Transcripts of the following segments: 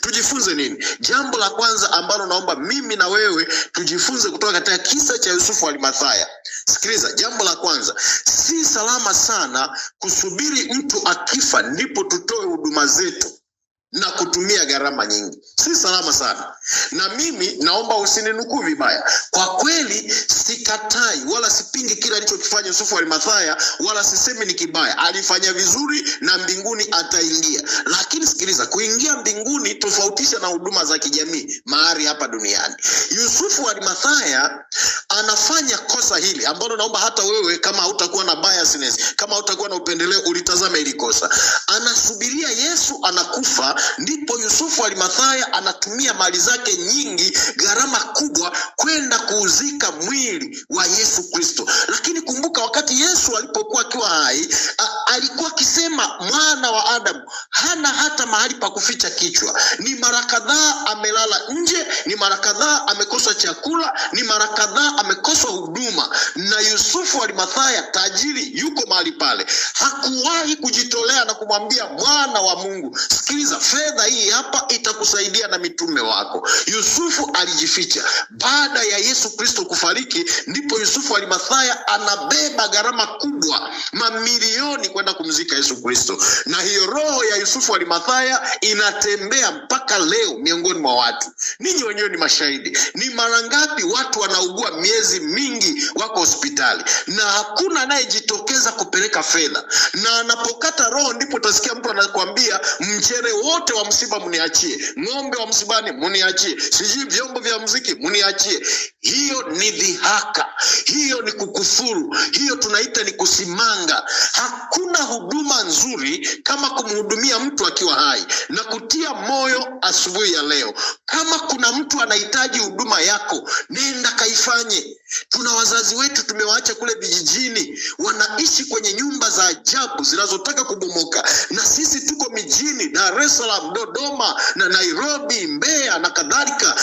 Tujifunze nini? Jambo la kwanza ambalo naomba mimi na wewe tujifunze kutoka katika kisa cha Yusufu Alimathaya. Sikiliza, jambo la kwanza, si salama sana kusubiri mtu akifa ndipo tutoe huduma zetu na kutumia gharama nyingi, si salama sana. Na mimi naomba usininukuu vibaya, kwa kweli sikatai wala sipingi kila alichokifanya Yusufu Arimathaya, wala sisemi ni kibaya. Alifanya vizuri na mbinguni ataingia, lakini sikiliza, kuingia mbinguni tofautisha na huduma za kijamii mahali hapa duniani. Yusufu Arimathaya anafanya kosa hili ambalo naomba hata wewe, kama hautakuwa na biasness, kama hautakuwa na upendeleo, ulitazama hili kosa. Anasubiri Yusufu anakufa, ndipo Yusufu Arimathaya anatumia mali zake nyingi, gharama kubwa, kwenda kuuzika mwili wa Yesu Kristo. Lakini kumbuka, wakati Yesu alipokuwa akiwa hai, alikuwa akisema mwana wa Adamu hana hata mahali pa kuficha kichwa. Ni mara kadhaa amelala nje, ni mara kadhaa amekosa chakula, ni mara kadhaa amekosa huduma na Yusufu Arimathaya tajiri yuko mahali pale, hakuwahi kujitolea na kumwambia Bwana wa Mungu, sikiliza, fedha hii hapa itakusaidia na mitume wako. Yusufu alijificha. Baada ya Yesu Kristo kufariki, ndipo Yusufu Arimathaya anabeba gharama kubwa, mamilioni, kwenda kumzika Yesu Kristo, na hiyo roho ya Yusufu Arimathaya inatembea mpaka leo miongoni mwa watu. Ninyi wenyewe ni mashahidi, ni mara ngapi watu wanaugua miezi mingi, wako hospitali na hakuna anayejitokeza kupeleka fedha, na anapokata roho ndipo utasikia mtu anakuambia mchere wote wa msiba mniachie, ng'ombe wa msibani mniachie, sijui vyombo vya mziki mniachie. Hiyo ni dhihaka, hiyo ni kukufuru, hiyo tunaita ni kusimanga. Hakuna huduma nzuri kama kumhudumia mtu akiwa hai, na kutia moyo asubuhi ya leo, kama kuna mtu anahitaji huduma yako, nenda kaifanye. Tuna wazazi wetu tumewaacha kule vijijini, wanaishi kwenye nyumba za ajabu zinazotaka kubomoka, na sisi tuko mijini, Dar es Salaam, Dodoma na Nairobi, Mbeya na kadhalika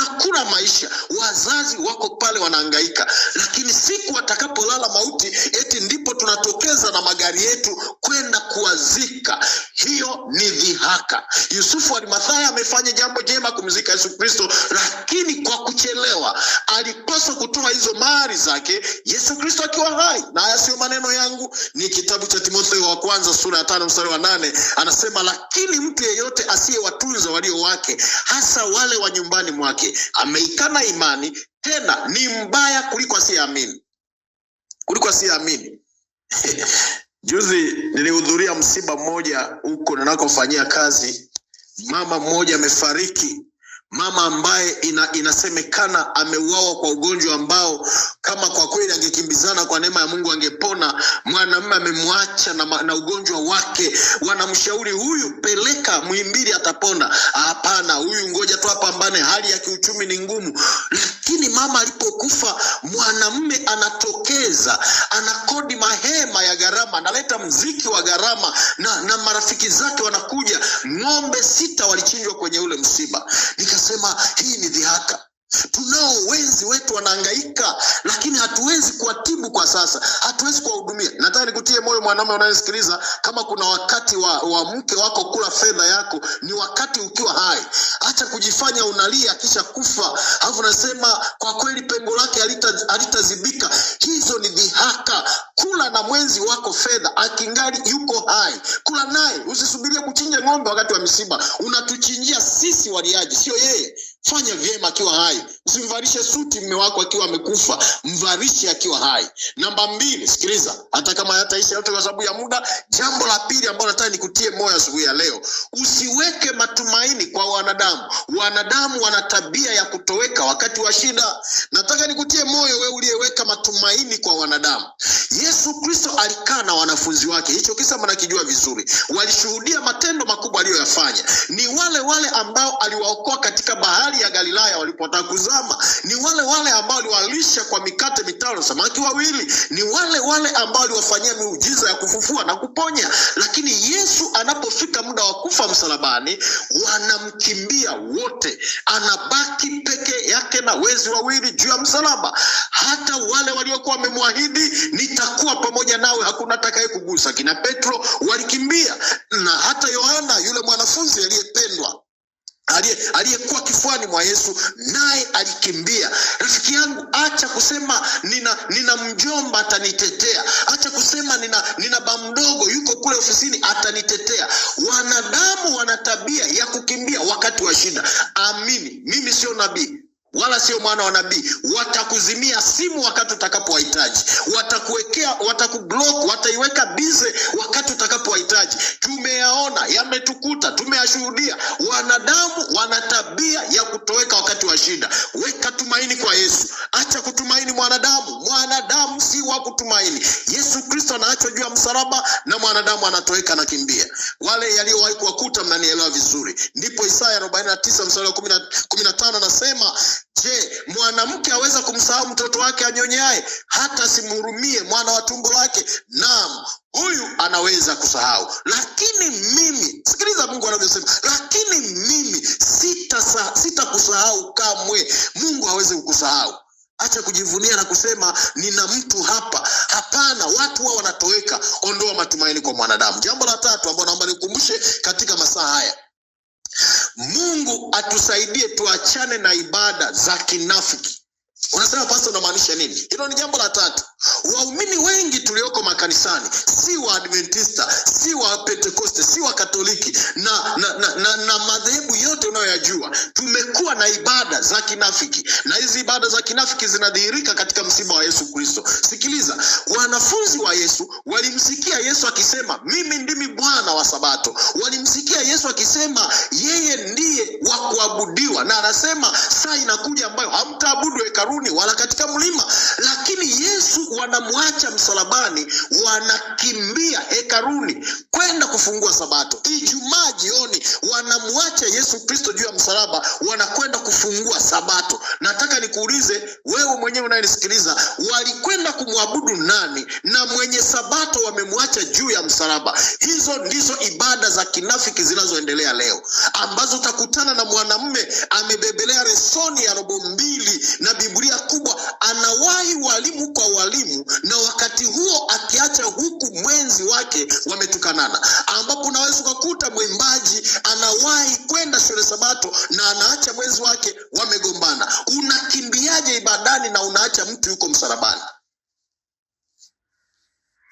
tunakula maisha, wazazi wako pale wanahangaika, lakini siku watakapolala mauti, eti ndipo tunatokeza na magari yetu kwenda kuwazika. Hiyo ni dhihaka. Yusufu Arimathaya amefanya jambo jema kumzika Yesu Kristo, lakini kwa kuchelewa. Alipaswa kutoa hizo mali zake Yesu Kristo akiwa hai, na haya siyo maneno yangu, ni kitabu cha Timotheo wa kwanza sura ya tano mstari wa nane anasema, lakini mtu yeyote asiyewatunza walio wake, hasa wale wa nyumbani mwake ameikana imani, tena ni mbaya kuliko asiyeamini, kuliko asiyeamini. Juzi nilihudhuria msiba mmoja huko ninakofanyia kazi, mama mmoja amefariki mama ambaye ina, inasemekana ameuawa kwa ugonjwa ambao kama kwa kweli angekimbizana kwa neema ya Mungu angepona. Mwanamume amemwacha na, na ugonjwa wake, wanamshauri huyu peleka Muhimbili atapona. Hapana, huyu ngoja tu apambane, hali ya kiuchumi ni ngumu. Lakini mama alipokufa, mwanamume anatokeza, anakodi mahema ya gharama, analeta mziki wa gharama na, na marafiki zake wanakuja. Ng'ombe sita walichinjwa kwenye ule msiba tunasema hii ni dhihaka. Tunao wenzi wetu wanahangaika, lakini hatuwezi kuwatibu kwa sasa, hatuwezi kuwahudumia. Nataka nikutie moyo mwanaume unayesikiliza, kama kuna wakati wa, wa mke wako kula fedha yako, ni wakati ukiwa hai. hata kujifanya unalia kisha kufa, alafu nasema kwa kweli pengo lake halitazibika. Hizo ni dhihaka kula na mwenzi wako fedha akingali yuko hai, kula naye, usisubirie kuchinja ng'ombe wakati wa misiba. Unatuchinjia sisi waliaji, sio yeye. Fanya vyema akiwa hai, usimvalishe suti mme wako akiwa amekufa, mvalishe akiwa hai. Namba mbili, sikiliza, hata kama yataisha yote kwa sababu ya muda. Jambo la pili ambalo nataka nikutie moyo asubuhi ya leo, usiwe usiweke matumaini kwa wanadamu. Wanadamu wana tabia ya kutoweka wakati wa shida. Nataka nikutie moyo wewe uliyeweka matumaini kwa wanadamu. Yesu Kristo alikaa na wanafunzi wake, hicho kisa mnakijua vizuri. Walishuhudia matendo makubwa aliyoyafanya. Ni wale wale ambao aliwaokoa katika bahari ya Galilaya walipotaka kuzama. Ni wale wale ambao aliwalisha kwa mikate mitano samaki wawili. Ni wale wale ambao aliwafanyia miujiza ya kufufua na kuponya. Lakini Yesu anapofika muda wa kufa msalabani ndani, wanamkimbia wote, anabaki peke yake na wezi wawili juu ya msalaba. Hata wale waliokuwa wamemwahidi nitakuwa pamoja nawe, hakuna atakaye kugusa, kina Petro walikimbia, na hata Yohana yule mwanafunzi aliyependwa aliyekuwa kifuani mwa Yesu naye alikimbia. Rafiki yangu, acha kusema nina nina mjomba atanitetea, acha kusema nina nina bamdogo yuko kule ofisini atanitetea. Wanadamu wana tabia ya kukimbia wakati wa shida. Amini, mimi sio nabii wala sio mwana wa nabii. Watakuzimia simu wakati utakapowahitaji, watakuwekea, watakublock, wataiweka bize wakati utakapowahitaji. Tumeyaona, yametukuta, tumeyashuhudia. Wanadamu wana tabia ya kutoweka wakati wa shida. Weka tumaini kwa Yesu, acha kutumaini mwanadamu. Mwanadamu si wa kutumaini. Yesu Kristo anaachwa juu ya msalaba na mwanadamu anatoweka, anakimbia. Wale yaliyowahi kuwakuta, mnanielewa vizuri. Ndipo Isaya 49 mstari wa 15 anasema Je, mwanamke aweza kumsahau mtoto wake anyonyaye hata simhurumie mwana wa tumbo lake? Naam, huyu anaweza kusahau, lakini mimi, sikiliza Mungu anavyosema, lakini mimi sitakusahau sita kamwe. Mungu hawezi kukusahau. Acha kujivunia na kusema nina mtu hapa. Hapana, watu wao wanatoweka. Ondoa matumaini kwa mwanadamu. Jambo la tatu ambalo naomba nikukumbushe katika masaa haya Mungu atusaidie tuachane na ibada za kinafiki. Unasema pastor, unamaanisha nini? Hilo ni jambo la tatu. Waumini wengi tulioko makanisani si wa Adventista, si wa Pentekoste, si wa Katoliki na, na, na, na, na madhehebu yote unayoyajua, tumekuwa na ibada za kinafiki, na hizi ibada za kinafiki zinadhihirika katika msiba wa Yesu Kristo. Sikiliza, wanafunzi wa Yesu walimsikia Yesu akisema mimi ndimi Bwana wa Sabato, walimsikia Yesu akisema yeye ndiye wa kuabudiwa, na anasema saa inakuja ambayo hamtaabudu hekalu Karuni wala katika mlima, lakini Yesu wanamwacha msalabani, wanakimbia hekaruni kwenda kufungua Sabato. Ijumaa jioni wanamwacha Yesu Kristo juu ya msalaba, wanakwenda kufungua Sabato. Nataka nikuulize wewe mwenyewe unayenisikiliza, walikwenda kumwabudu nani na mwenye Sabato wamemwacha juu ya msalaba? Hizo ndizo ibada za kinafiki zinazoendelea leo, ambazo utakutana na mwanamume amebebelea resoni ya robo mbili na bibu Biblia kubwa, anawahi walimu kwa walimu, na wakati huo akiacha huku mwenzi wake wametukanana, ambapo unaweza ukakuta mwimbaji anawahi kwenda shule Sabato na anaacha mwenzi wake wamegombana. Unakimbiaje ibadani na unaacha mtu yuko msalabani?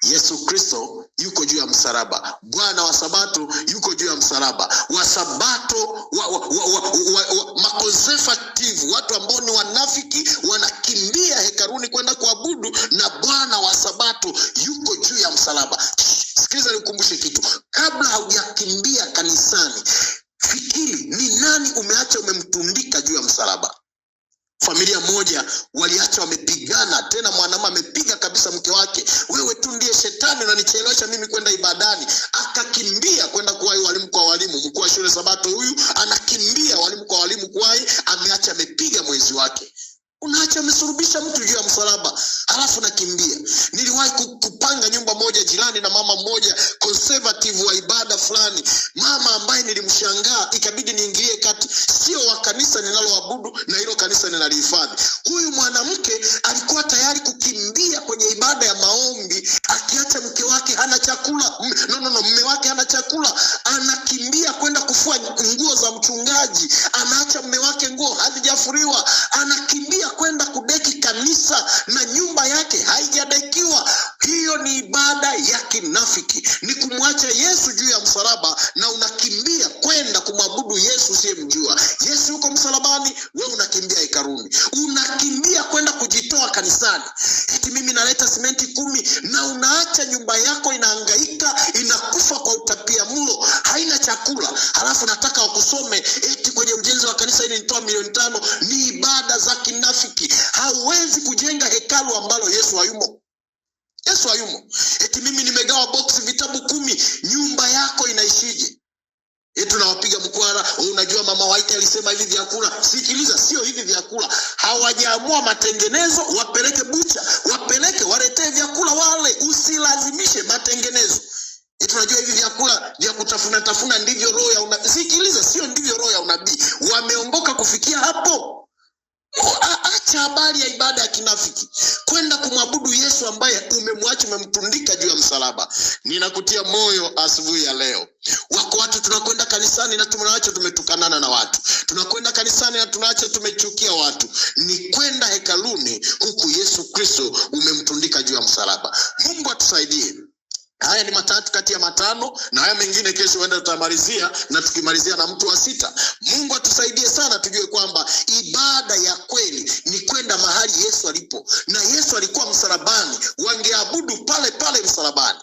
Yesu Kristo yuko juu ya msalaba. Bwana wa Sabato yuko juu ya msalaba. Wasabato wa, wa, wa, wa, wa, maconservative, watu ambao ni wanafiki, wanakimbia hekaruni kwenda kuabudu, na Bwana wa sabato yuko juu ya msalaba. Sikiliza nikukumbushe kitu, kabla haujakimbia kanisani, fikiri ni nani umeacha umemtundika juu ya msalaba. Familia moja waliacha wamepigana, tena mwanaume amepiga kabisa mke wake, wewe tu ndiye shetani unanichelewesha mimi kwenda ibadani. Akakimbia kwenda kuwahi walimu kwa walimu, mkuu wa shule Sabato huyu anakimbia walimu mwalimu kwai ameacha amepiga mwezi wake unaacha amesurubisha mtu juu ya msalaba halafu nakimbia niliwahi kupanga nyumba moja jirani na mama mmoja conservative wa ibada fulani mama ambaye nilimshangaa ikabidi niingilie kati sio wa kanisa ninaloabudu na hilo kanisa ninalihifadhi. Huyu mwanamke alikuwa tayari kukimbia kwenye ibada ya maombi, akiacha mke wake hana chakula, no, no, no, mme wake hana chakula, anakimbia kwenda kufua nguo za mchungaji, anaacha mme wake nguo hazijafuriwa, ana Karume, unakimbia kwenda kujitoa kanisani, eti mimi naleta simenti kumi, na unaacha nyumba yako inahangaika, inakufa kwa utapia mlo, haina chakula, halafu nataka wakusome eti kwenye ujenzi wa kanisa ili nitoa milioni tano. Ni ibada za kinafiki. Hauwezi kujenga hekalu ambalo Yesu hayumo. Yesu hayumo. Eti mimi nimegawa boksi vitabu kumi, nyumba yako inaishije? yetu tunawapiga mkwara. Unajua mama Waite alisema hivi vyakula. Sikiliza, sio hivi vyakula, hawajaamua matengenezo. Wapeleke bucha, wapeleke waletee vyakula wale, usilazimishe matengenezo. Tunajua hivi vyakula vya kutafuna tafuna ndivyo roho ya unabii. Sikiliza, sio ndivyo roho ya unabii. Wameongoka kufikia hapo. Acha habari ya ibada ya kinafiki, kwenda kumwabudu Yesu ambaye umemwacha, umemtundika juu ya msalaba. Ninakutia moyo asubuhi ya leo. Wako watu tunakwenda kanisani na tunaacha tumetukanana na watu, tunakwenda kanisani na tunaacha tumechukia watu. Ni kwenda hekaluni, huku Yesu Kristo umemtundika juu ya msalaba. Mungu atusaidie. Haya ni matatu kati ya matano, na haya mengine kesho huenda tutamalizia, na tukimalizia na mtu wa sita. Mungu atusaidie sana, tujue kwamba ibada ya kweli ni kwenda mahali Yesu alipo, na Yesu alikuwa msalabani, wangeabudu pale pale msalabani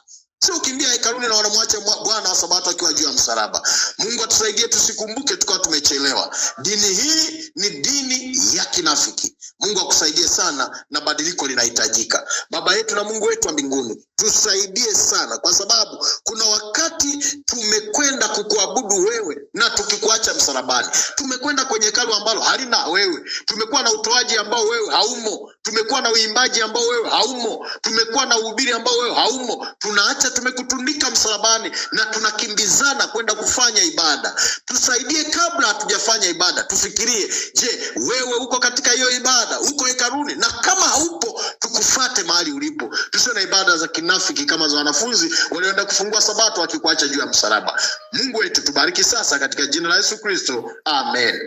sio kimbia hekaluni na wanamwacha Bwana wa sabato akiwa juu ya msalaba. Mungu atusaidie tusikumbuke tukawa tumechelewa. Dini hii ni dini ya kinafiki. Mungu akusaidie sana, na badiliko linahitajika. Baba yetu na Mungu wetu wa mbinguni, tusaidie sana, kwa sababu kuna wakati tumekwenda kukuabudu wewe na tukikuacha msalabani. Tumekwenda kwenye hekalu ambalo halina wewe, tumekuwa na utoaji ambao wewe haumo tumekuwa na uimbaji ambao wewe haumo, tumekuwa na uhubiri ambao wewe haumo, tunaacha tumekutundika msalabani na tunakimbizana kwenda kufanya ibada. Tusaidie kabla hatujafanya ibada, tufikirie, je, wewe uko katika hiyo ibada? Uko hekaruni? Na kama haupo, tukufate mahali ulipo. Tusiwe na ibada za kinafiki kama za wanafunzi walioenda kufungua Sabato wakikuacha juu ya msalaba. Mungu wetu, tubariki sasa katika jina la Yesu Kristo, amen.